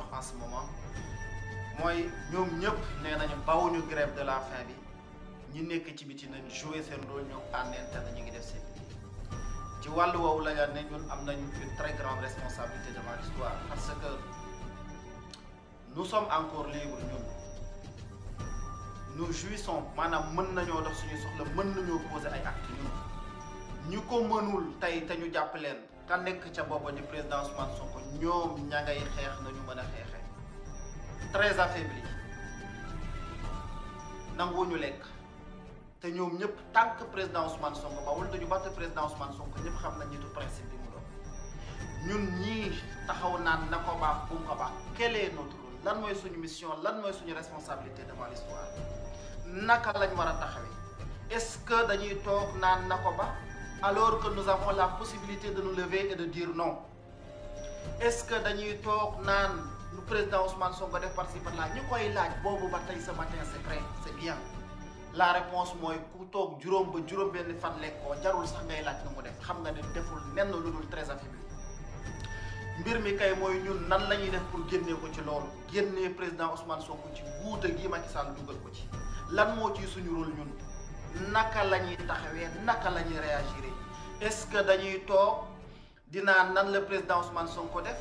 dox en ce moment mooy ñoom ñëpp nee nañu bawuñu grève de la faim bi ñi nekk ci biti nañ jouer seen rôle ñoom en interne ñu ngi def seen ci wàll woowu la ne ñun am nañu une très grande responsabilité devant l'histoire parce que nous sommes encore libres ñun nous jouissons maanaam mën nañoo dox suñuy soxla mën nañoo poser ay actes ñun ko mënul tey te ñu jàpp leen. te nekk ca boobu di président Ousmane Sonko ñoom ña ngay xeex nañu mën a xeexee très affaibli nanguwuñu lekk te ñoom ñëpp tànk président Ousmane Sonko ba wala dañu battre président Ousmane Sonko ñëpp xam nañ nitu principe bi mu doon ñun ñii taxaw naan na ko baax bu mu ko baax quel est notre lan mooy suñu mission lan mooy suñu responsabilité devant l'histoire naka lañ war a taxawee dañuy toog naan na ko ba alors que nous avons la possibilité de nous lever et de dire non est-ce que dañuy toog naan lu président Ousmane Sonko def par ci par là ñu koy laaj boobu ba tey ce matin c'est vrai la réponse mooy ku toog juróom ba juróom benn fan lekk ko jarul sax ngay laaj na mu def xam nga ne deful nenn lu dul très affaibli mbir mi kay mooy ñun nan lañuy def pour génnee ko ci loolu génnee président Ousmane Sonko ci guuta gi ma Sall dugal ko ci lan moo ciy suñu rôle ñun naka la ñuy taxawee naka la ñuy réagir est-ce que dañuy toog dinaa nan la président Ousmane Sonko def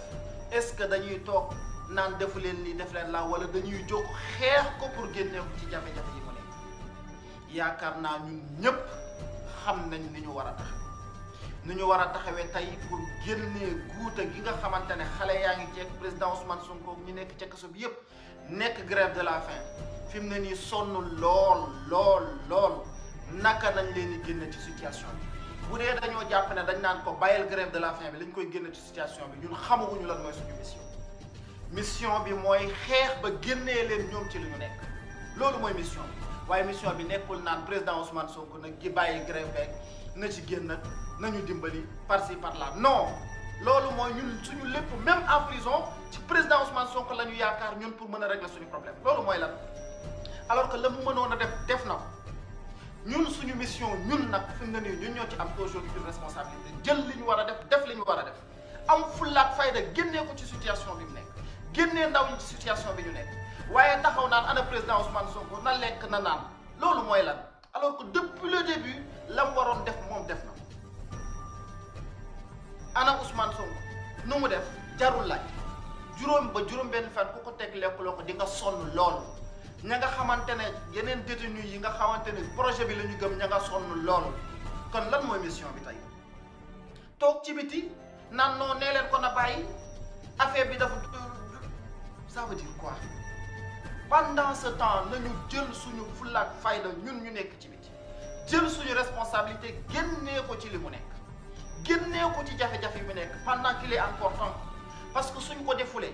est-ce que dañuy toog naan defu leen lii def leen la wala dañuy jóg xeex ko pour génneeku ci jafe-jafe yi mu nekk yaakaar naa ñun ñëpp xam nañ ni ñu war a tax nu ñu war a taxawee tey pour génnee guuta gi nga xamante ne xale yaa ngi ceeg président Ousmane Sonko ñu nekk ca kaso bi yëpp nekk grève de la faim fi mu ne nii sonn lool lool lool. naka nañ leen di génn ci situation bi bu dee dañoo jàpp ne dañ naan ko bàyyil grève de la faim bi lañ koy génne ci situation bi ñun xamaguñu lan mooy suñu mission mission bi mooy xeex ba génnee leen ñoom ci li ñu nekk loolu mooy mission bi waaye mission bi nekkul naan président Ousmane Sonko nag gi bàyyi grève beeg na ci génn nañu dimbali par ci par la non loolu mooy ñun suñu lépp même en ci président Ousmane Sonko la ñu yaakaar ñun pour mën a régler suñu problème loolu mooy lan alors que la mu mënoon a def def na ko ñun suñu mission ñun nag fi mu nii ñun ñoo ci am aujourd'hui une responsabilité jël li ñu war a def def li war a def am fulaat fayda génnee ko ci situation bi mu nekk génnee ndaw ñi bi ñu nekk waaye taxaw naan ana président Ousmane Sonko na lekk na naan loolu mooy lan alors que depuis le début la mu waroon def moom def na ana Ousmane nu mu def jarul la juróom ba juróom benn fan ku ko teg lekkuloo ko di nga sonn loolu ña nga xamante ne yeneen détenu yi nga xamante ne projet bi la ñu gëm ña nga sonn loolu kon lan mooy mission bi tey toog ci biti naan noo nee leen ko na bàyyi affaire bi dafa ça veut dire quoi pendant ce temps nañu jël suñu fulaak fayda ñun ñu nekk ci biti jël suñu responsabilité génnee ko ci li mu nekk génnee ko ci jafe-jafe mu nekk pendant qu'il est encore temps parce que suñ ko defulee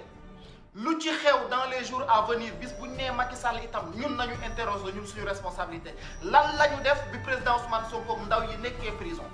lu ci xew dans les jours à bis bu ñu nee Macky Sall itam ñun nañu interroger ñun suñu responsabilité lan la ñu def bi président Ousmane Sonko ndaw yi nekk prison.